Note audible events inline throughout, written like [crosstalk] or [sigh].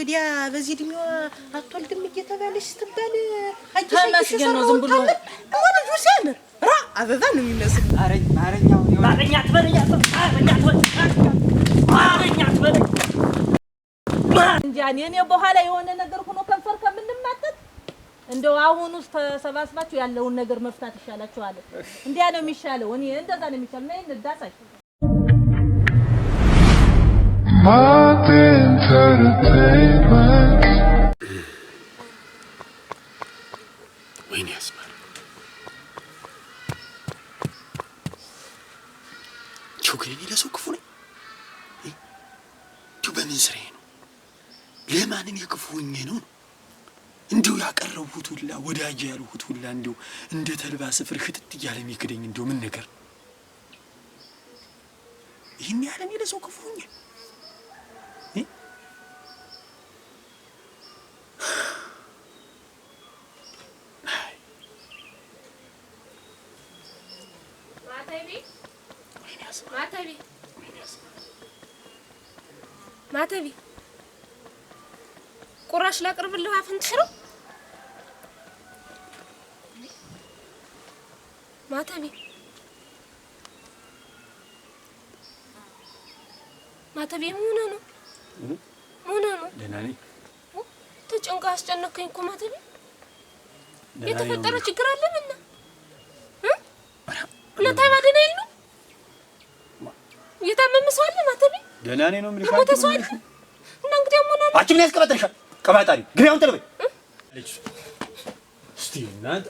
እንግዲያ በዚህ እድሜዋ አትወልድም እየተባለች ስትባል ተመስገን ነው። ዝም ብሎ ልጁ ሲያምር ራ አበባ ነው የሚመስል። እንጃ እኔ በኋላ የሆነ ነገር ሆኖ ከንፈር ከምንማጠት እንደው አሁን ውስጥ ተሰባስባችሁ ያለውን ነገር መፍታት ይሻላችኋል። እንዲያ ነው የሚሻለው። እኔ እንደዛ ነው የሚሻለው። Mad Entertainment ወይኔ እንዲሁ በምን ወዳጅ ያልሁት ሁላ እንዲሁ እንደ ተልባ ስፍር ሽጥጥ እያለ የሚክደኝ እንዲሁ ምን ነገር ይህን ያህል እኔ ለሰው ጭራሽ ላቅርብልህ አፍንትሽ ነው ማተቤ ማተቤ ሆነ ነው ሆነ ነው ደህና ነኝ ተጨንቃ አስጨነከኝ እኮ ማተቤ የተፈጠረ ችግር አለ ምና ሁለት አይባ ደህና የሉ የታመመ ሰው አለ ማተቤ ደህና ነኝ ነው ምን ይካል ሰው አለ እና እንግዲህ ሆነ ነው አቺ ምን ያስቀበጥንሻል ከፈጣሪ ግን አሁን ተለበይ ልጅ እስቲ እናንተ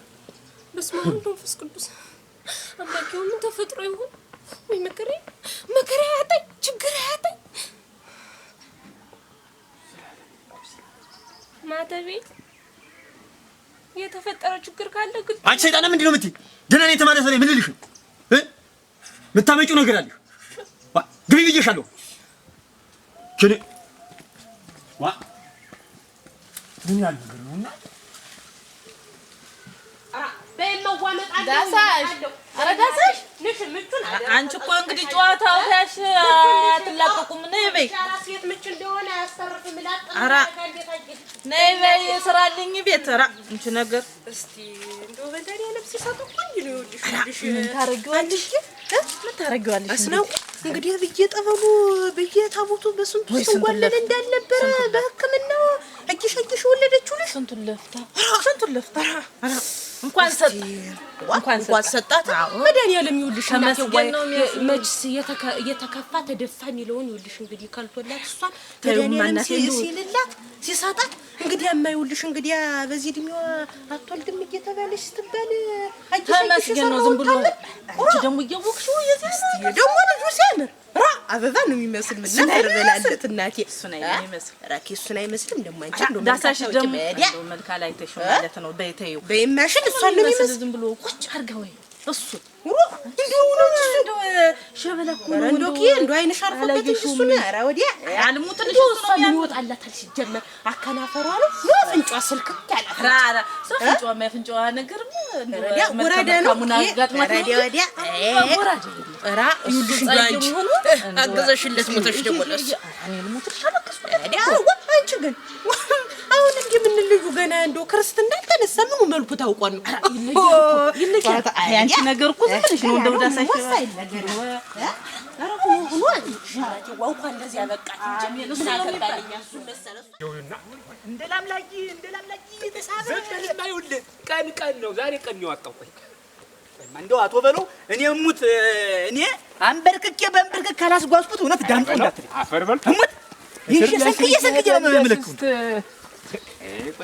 በስመ አብ መንፈስ ቅዱስ አባኪው ምን ተፈጥሮ ይሁን ወይ? መከራ መከራ ያጣኝ ችግር ያጣኝ ማተቤ የተፈጠረ ችግር ካለ ግን አንቺ ሰይጣን ምንድን ነው የምትይ? ደህና ነኝ የተባለ ሰው ምን ልልሽ እ የምታመጪው ነገር አለ ግቢ ብዬሻለሁ ዋ ምን ያህል ነው እና ዳሳሽ ኧረ ዳሳሽ አንቺ እኮ እንግዲህ ጨዋታው ያሽ አትላቀቁም። ነይ በይ፣ ኧረ ነይ በይ፣ ስራልኝ ቤት ኧረ እንቺ ነገር እስቲ እንደው በእንደኔ ልብስ ይሰጡ በስንቱ ስንጓለል እንዳልነበረ በሕክምና እጅሽ እጅሽ ወለደችው ስንቱን ለፍታ ስንቱን ለፍታ እንኳን ሰጣት መድኃኒዓለም ይኸውልሽ መችስ የተከፋ ተደፋ የሚለውን ይኸውልሽ እንግዲህ ከልቶላት እሷን መድኃኒዓለም ሲልላት ሲሰጣት እንግዲህ የማይውልሽ እንግዲህ በዚህ እድሜዋ አትወልድም እየተባለሽ ስትባል ተመስገን ነው። ዝም ብሎ አንቺ ደግሞ እያወቅሽው ደግሞ ልጁ ሲያምር ራ አበባ ነው የሚመስል ምናምን በላለት እናቴ እሱን አይመስል ራኬ እሱን አይመስልም። ደግሞ አንቺ እንደው ዳሳሽ ደግሞ መልካ ላይ ተሽ ማለት ነው። በይተዩ በይማሽን እሷን ነው የሚመስል ዝም ብሎ ቁጭ አድርጋ ወይ እሱ ሩ እንደው ነው እሱ ሸበላ እኮ ነው እንደው ኪ እንደው አይንሽ አርፎበት እሱ ነው። ኧረ ወዲያ አልሙ ትንሽ እሱ ነው የሚወጣላታል። ሲጀመር አከናፈሯ ነው ነው ፍንጫዋ ስልክ ያላት ራ ራ ሰው ፍንጫዋ የፍንጫዋ ነገር ወዲያ ወራደ ነው ወራደ ወዲያ ወራደ ራ ይልሽ ዳንቺ አገዘሽለት ሞተሽ ደወለሽ እኔ ልሞትሽ አለቀስኩ ወዲያ አንቺ ግን አሁን እንዲህ ገና እንደው ክርስትና እንዳልተነሳ ምኑ መልኩ ታውቋል ነው። አንቺ ነገር እኮ ዝም ነው እንደው ቀን ቀን ነው ዛሬ ቀን እንደው አቶ በለው እኔ እሙት እኔ አንበርክኬ በንበርክክ ካላስጓዝኩት እውነት ዳምጦ እንዳትል አፈር በል እሙት ይህ ሰንክዬ ሰንክዬ ነው የምልክት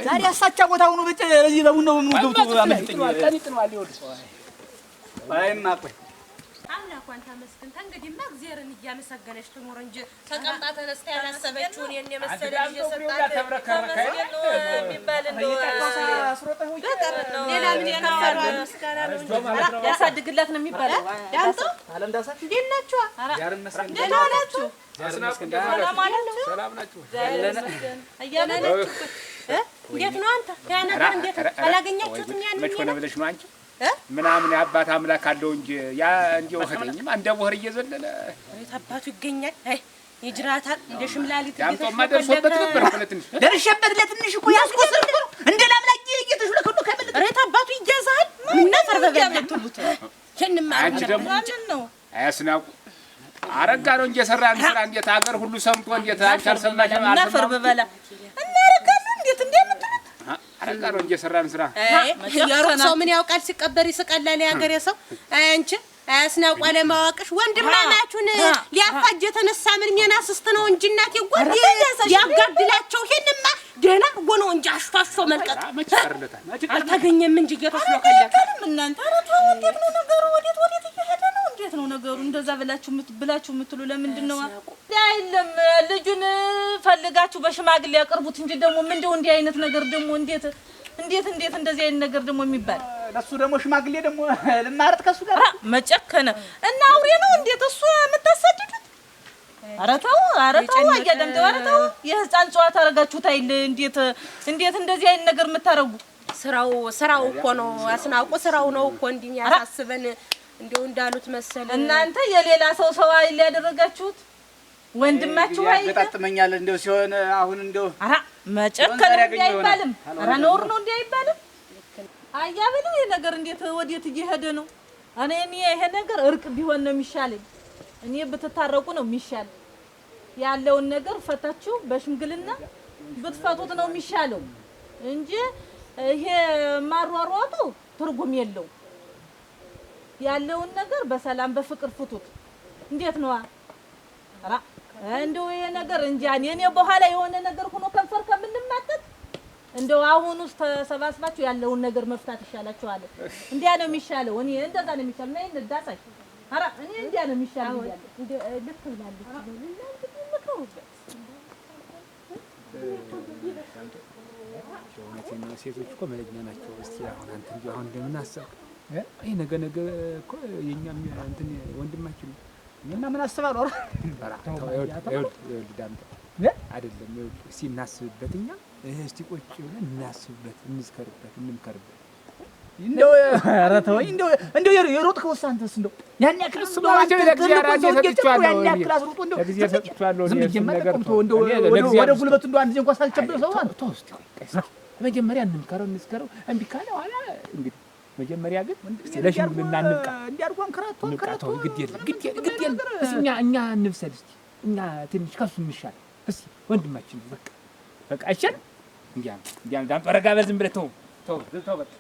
ዛሬ አሳቻ ቦታ ሆኖ በጭ በዚህ በቡና ነው በምኑ ገብቶ ቀን ይጥሏል። ይኸውልህ እንግዲህማ እግዚአብሔርን እያመሰገነች ትኖር እንጂ ተቀምጣ ተነስታ ያላሰበችውን የኔ መሰለ የሚባል ያሳድግላት ነው የሚባለው። እንዴት ናችሁ? ደህና ናችሁ? ሰላም ናችሁ? እንዴት ነው አንተ ያ ነገር እንዴት አላገኛችሁትም? ያን መች ሆነ ብለሽ ነው አንቺ ምናምን አባት አምላክ አለው እንጂ ያ እንዲው ህደኝም እንደ ቦህር እየዘለለ እንዴት አባቱ ይገኛል። አይ ይጅራታል እንደ ሽምላሊት ያምጦማ ደርሶበት ነበር እኮ ለትንሽ ደርሼበት ለትንሽ እኮ ያስቆሰል እንደ ላምላቂ እየተሽለከሉ ከምን ሬት አባቱ ይያዛል። ምን ፈርበበ ደግሞ ነው አያስናቁ አረጋ ነው እንጂ የሰራን ስራ እንዴት አገር ሁሉ ሰምቶ እንዴት አንቺ አልሰማሽም? አልሰማሽም እና ፈርበበላ እንዴት እንዴ የምትሉት አረቃሮ እንጂ የሰራን ስራ ሰው ምን ያውቃል? ሲቀበር ይስቀላል። የሀገሬ ሰው አንቺ አያስናቋ ወንድማማቹን ሊያፋጅ የተነሳ ምን የሚያናስስት ነው እንጂ እናቴ ጓድ ያጋድላቸው። ይሄንማ ደህና ሆኖ እንጂ አሽፋሾ መልቀቅ አልተገኘም እንጂ ጌታሽ ነው ከለከ እናንተ አረቶ እንዴት ነው ነገሩ? እንደዛ ብላችሁ ብላችሁ የምትሉ ለምንድን ነው? አይለም ልጁን ፈልጋችሁ በሽማግሌ ያቀርቡት እንጂ ደግሞ ምንድነው እንዲህ አይነት ነገር ደግሞ እንዴት እንዴት እንዴት እንደዚህ አይነት ነገር ደግሞ የሚባል ለሱ ደግሞ ሽማግሌ ደግሞ ልማረጥ ከሱ ጋር መጨከነ እና አውሬ ነው እንዴት እሱ የምታሳድዱት? ኧረ ተው፣ ኧረ ተው፣ አያደም ተው፣ ኧረ ተው። የህፃን ጨዋታ አደረጋችሁት አይል እንዴት እንዴት እንደዚህ አይነት ነገር የምታረጉ ስራው ስራው እኮ ነው። አስናቁ ስራው ነው እኮ እንዲህ ያሳስበን እንደው እንዳሉት መሰለ እናንተ የሌላ ሰው ሰው አይል ያደረጋችሁት ወንድማችሁ አይል ገጣጥመኛል። እንደው ሲሆን አሁን እንደው አራ መጨከን አይባልም፣ አራ ኖር ነው እንዴ አይባልም። አያ ብለው ይሄ ነገር እንዴት ወዴት እየሄደ ነው? እኔ እኔ ይሄ ነገር እርቅ ቢሆን ነው የሚሻለኝ። እኔ ብትታረቁ ነው የሚሻል። ያለውን ነገር ፈታችሁ በሽምግልና ብትፈቱት ነው የሚሻለው እንጂ ይሄ ማሯሯጡ ትርጉም የለው ያለውን ነገር በሰላም በፍቅር ፍቱት። እንዴት ነዋ? ኧረ እንደው ይሄ ነገር እንጃ እኔ በኋላ የሆነ ነገር ሆኖ ከንፈር ከምንማጠት እንደው አሁን ውስጥ ተሰባስባችሁ ያለውን ነገር መፍታት ይሻላችኋል። እንዲያ ነው የሚሻለው። እኔ እንደዛ ነው የሚሻለው። ነይ እንዳሳይ። ኧረ እኔ እንዲያ ነው የሚሻለው። ልክ ብላለች። ምከሩበት ሴቶች እኮ መለኛ ናቸው። እስኪ አሁን አንተ እንዲሁ አሁን እንደምን አሰብክ ይሄ ነገ ነገ እኮ የኛ እንትን ወንድማችን ነው። እኔማ ምን አስባለሁ። ኧረ አይደለም እስኪ እናስብበት፣ እኛ እስቲ ቆጭ ብለን እናስብበት፣ እንዝከርበት፣ እንምከርበት። ኧረ ተወኝ፣ እንደው የሮጥከው እሱ አንተስ እንደው ያን ያክል እሱ ወደ ጉልበቱ እንደው አንድ ጊዜ እንኳን ሳልጨብጠው ሰው መጀመሪያ እንምከረው፣ እንዝከረው። እምቢ ካለ ኋላ እንግዲህ መጀመሪያ ግን ለሽምግልና እንብቃ። ግድ ግድ ግድ እስኪ እኛ እኛ እንብሰል እስኪ እኛ ትንሽ ከሱ እንሻል እስኪ ወንድማችን በቃ በቃ አይሻልም? እንዲያ እንዲያ ዳም ረጋ ብለህ ተው ተው ተው በቃ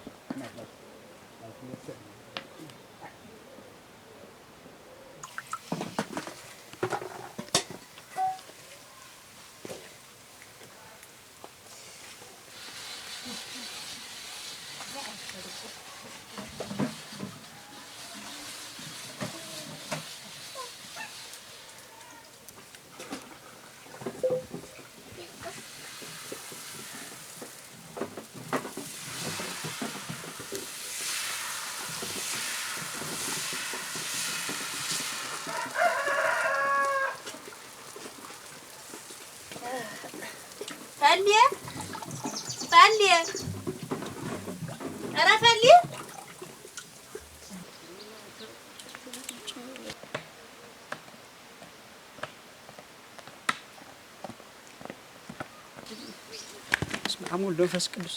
ደግሞ መንፈስ ቅዱስ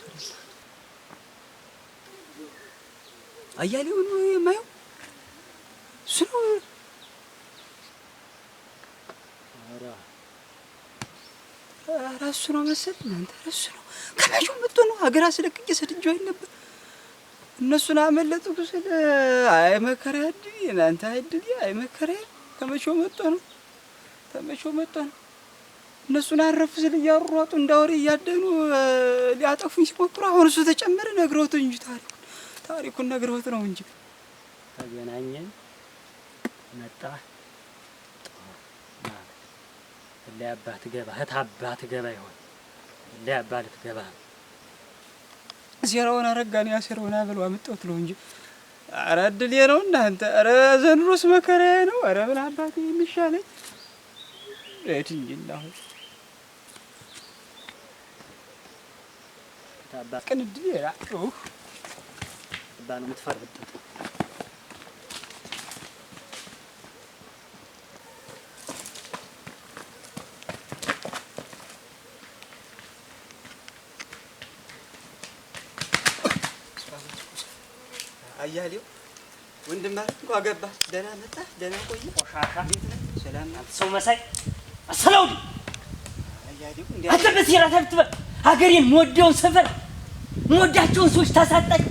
ነው የማየው ስለ ራሱ ነው መሰል እናንተ ራሱ ነው ከመቼው መጥቶ ነው ሀገር አስለቅቄ ሰድጄ ነበር። እነሱን አመለጡ ስለ አይመከራ እድል እናንተ አይድል እድል አይመከራ ከመቼው መጥቶ ነው ከመቼው መጥቶ ነው እነሱን አረፍ ስል እያሯጡ እንዳወሬ እያደኑ ሊያጠፉኝ ሲሞክሩ አሁን እሱ ተጨመረ ነግረውት እንጂ ታሪኩን ታሪኩን ነግረውት ነው እንጂ ተገናኘን መጣ ላይ አባት ገባ እህት አባት ገባ ይሆን ላይ አባት ገባ ሴራውን አረጋን ያ ሴራውን አበሉ አመጣሁት ነው እንጂ ኧረ እድሌ ነው እናንተ። አረ ዘንድሮስ መከራዬ ነው። አረ ምን አባቴ የሚሻለኝ እድኝ ነው የምትፈርድበት። አያሌው ወንድም እንኳ ገባ። ደህና መጣ፣ ደህና ቆየ። ቆሻሻ ቤት ነህ። ሰላም ናት። ሰው መሳይ አሰላው አያሌው፣ እንዴ አትበስ፣ የራስህ ብትበል ሀገሬን መወደውን ሰፈር የምወዳቸውን ሰዎች ታሳጣኝ።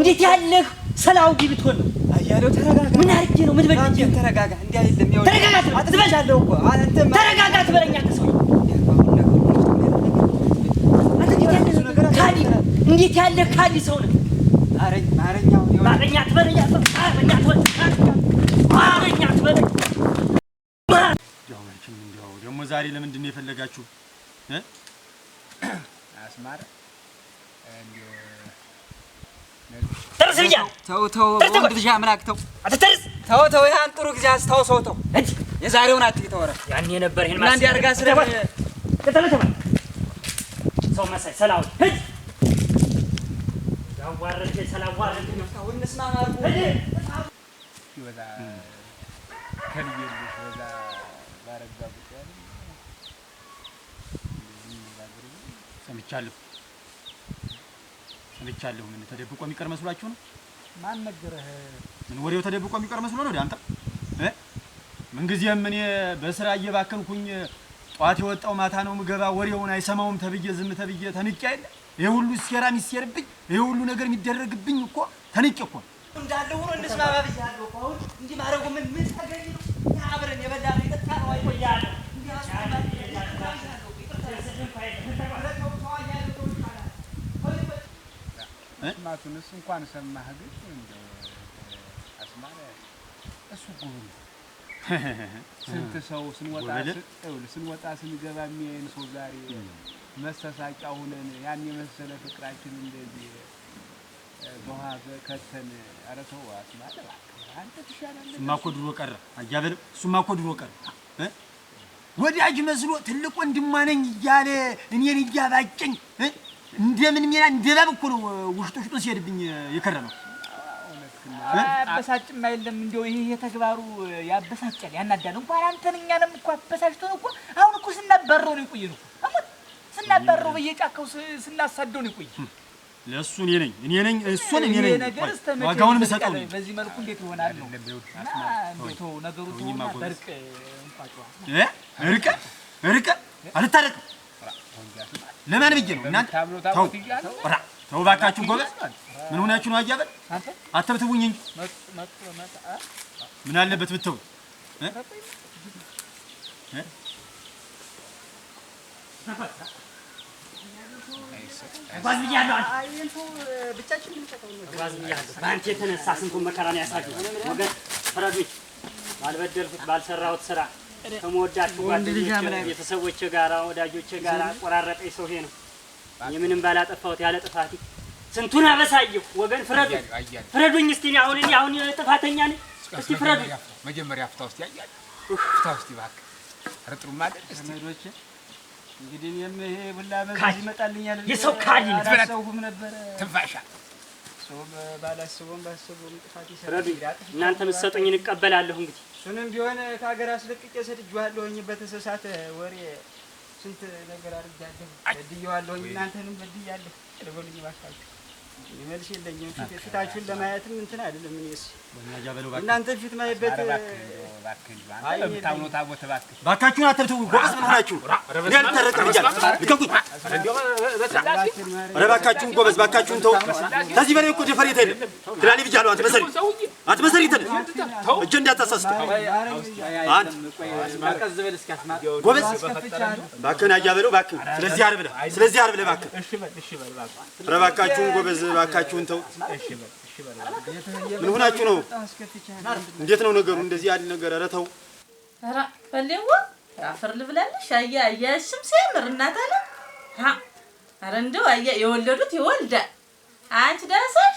እንዴት ያለህ ሰላው ቢ ብትሆን ነው አያሌው። ተረጋጋ። ምን አድርጌ ነው የምትበልጅ? ተረጋጋ። እንዲህ አይደለም። ያው ተረጋጋ። ትበላለህ እኮ አንተ። ተረጋጋ። ትበለኛ ከሰው እንዴት ያለ ካዲ ሰው ነህ። ማረኝ፣ ማረኝ፣ ማረኛ፣ ትበለኛ፣ ማረኛ፣ ማረኛ፣ ትበለኛ። ደግሞ ዛሬ ለምንድን ነው የፈለጋችሁ አስማረ ተርስ uh, ብያ ተው ተው፣ ወንድ ልጅ አምላክ ተው፣ አትተርስ ተው ተው። ይሄን ጥሩ ጊዜ አስታውሰው ተው። የዛሬውን አትተው። ኧረ ያኔ ነበር ይሄን ማስ እንዲያርጋ ስለባ ከተለተባ ሰው መሳይ ሰላም ሂድ ያዋረድ ሰላም ነው ይወዛ ከልጅ ይወዛ ባረጋ ብቻ ሰምቻለሁ ልቻለሁ። ምን ተደብቆ የሚቀር መስሏችሁ ነው? ማን ነገረህ? ምን ወሬው ተደብቆ የሚቀር መስሎ ነው? ምንጊዜም እኔ በስራ እየባከንኩኝ ጠዋት የወጣው ማታ ነው ምገባ ወሬውን አይሰማውም ተብዬ ዝም ተብዬ ተንቄ ሁሉ ሴራ የሚሴርብኝ ሁሉ ነገር የሚደረግብኝ እኮ ተንቄ እኮ እንዳለ ሆኖ እንስማማ ብያለሁ። አሁን እንዲህ ማድረጉ ምን ምን ተገኝ ነው? አብረን የበላ ነው የጠጣ ነው ማቱንስ እንኳን ሰማህ ግን እንደው አስማረ እሱ ጉብን [laughs] ስንት ሰው ስንወጣ ስንወጣ ስንገባ የሚያየን ሰው ዛሬ መሰሳቂያ ሁነን ያን የመሰለ ፍቅራችን እንደዚህ በውሃ ከተን። ኧረ ተው አንተ ትሻላለህ። እሱማ እኮ ድሮ ቀረ አያበል እሱማ እኮ ድሮ ቀረ ወዳጅ መስሎ ትልቅ ወንድማ ነኝ እያለ እኔን እያባጨኝ እንደምን ሚና እንደባብ እኮ ነው ውሽጡ ውሽጡን ሲሄድብኝ የከረመው። አበሳጭም አይደለም እንደው ይሄ ተግባሩ ያበሳጫል፣ ያናዳል። እንኳን አንተን እኛንም እኮ አበሳጭቶን እኮ አሁን እኮ ስናባረው ነው የቆየ ነው ስናባረው በየጫካው ስናሳደው ነው የቆየ። ለእሱ እኔ ነኝ እኔ ነኝ እሱን እኔ ነኝ ዋጋውን የምሰጠው ነኝ። በዚህ መልኩ እንዴት ይሆናል ነው እንዴት ነገሩ ትሆና በርቅ እንቋጫዋ እ ርቀ ርቀ አልታረቅም ለማን ብዬ ነው እናንተ? ተው ራ ተው እባካችሁ ጎበዝ፣ ምን ሆናችሁ ነው? አያበል አተብትቡኝ እንጂ ምን አለበት ብትው በአንተ የተነሳ ስንቱን መከራ ነው ያሳየው። ወገን ፍረዱኝ፣ ባልበደልኩት ባልሰራሁት ስራ ከመወዳችሁ ጓደኞቼ፣ ቤተሰቦቼ ጋራ ወዳጆቼ ጋራ ቆራረጠኝ ሰው ይሄ ነው። የምንም ባላጠፋሁት ያለ ጥፋቴ ስንቱን አበሳየሁ። ወገን ፍረዱ፣ ፍረዱኝ እስቲ። አሁን እኔ አሁን ጥፋተኛ ነኝ? እስቲ ፍረዱ። መጀመሪያ ፍታ ውስጥ ያያል ፍታ ውስጥ ይባክ ረጥሩማ አይደል እንግዲህ ይሄ ብላ በዚህ ይመጣልኛል። የሰው ካሊ ነበር ትንፋሻ ባላስበውም ባላስበውም ባስበውም ጥፋት ይሰራል። እናንተ የምትሰጡኝ እንቀበላለሁ። እንግዲህ እሱንም ቢሆን ከሀገር አስለቅቄ ሰድጄዋለሁኝ። በተሰሳተ ወሬ ስንት ነገር አድርጌያለሁ፣ በድዬዋለሁኝ። እናንተንም በድያለሁ። ልበሉኝ እባካችሁ። መልስ የለኝም። ፊታችሁን ለማየትም እንትን አይደለም እኔስ እናንተ ፊት ማይበት ባካችሁን አትብቱ። ጎበዝ ምን ሆናችሁ? እኔ አልታረቅም ብያለሁ። ኧረ ባካችሁን ጎበዝ፣ ባካችሁን ተው። ከዚህ በላይ እኮ ደፈር የለም። ትላኔ ብያለሁ። አትመሰሪ፣ አትመሰሪ። ተል እጄ እንዳታሳስተ አንድ ጎበዝ። እባክህን አያበለው፣ እባክህን። ስለዚህ ዓርብ ዕለት፣ ስለዚህ ዓርብ ስለዚህ ዓርብ እባክህን ኧረ ባካችሁን ጎበዝ፣ ባካችሁን ተው ምን ሆናችሁ ነው? እንዴት ነው ነገሩ? እንደዚህ ያለ ነገር ኧረ ተው። ኧረ በሌዋ አፈር ልብላለሽ። አያ አያሽም ሲያምር እናት አለ። ኧረ እንደው አያ የወለዱት ይወልዳል። አንቺ ደረሰሽ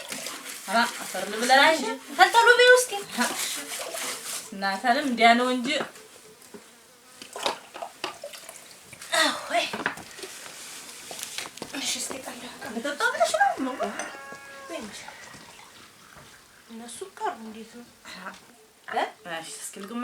እናታንም እንዲያ ነው እንጂ እነሱ ቀሩ። እንዴት ነው እስኪ ልግማ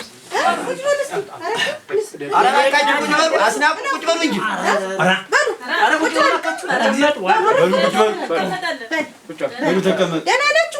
አስናቁ ቁጭ በሉ እንጂ ተቀመጡ።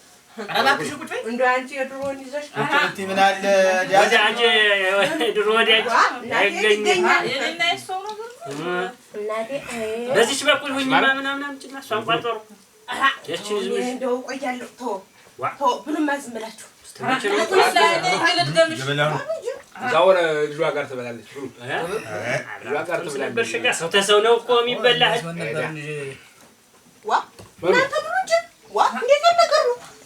እንደው በዚች በኩል ሁኚ ምናምን አምጪና እሷን ቋጠሩ። እንደው ልጇ ጋር ትበላለች። ሰው ተሰው ነው እኮ የሚበላህ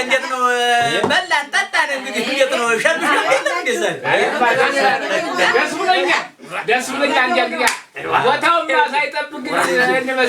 እንዴት ነው በላን ጠጣን። እንግዲህ እንዴት ነው ሸልሽ ደስ ብሎኛል። እንግዲህ ቦታውማ ሳይጠብቅ እንበል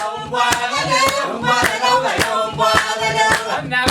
I'm Now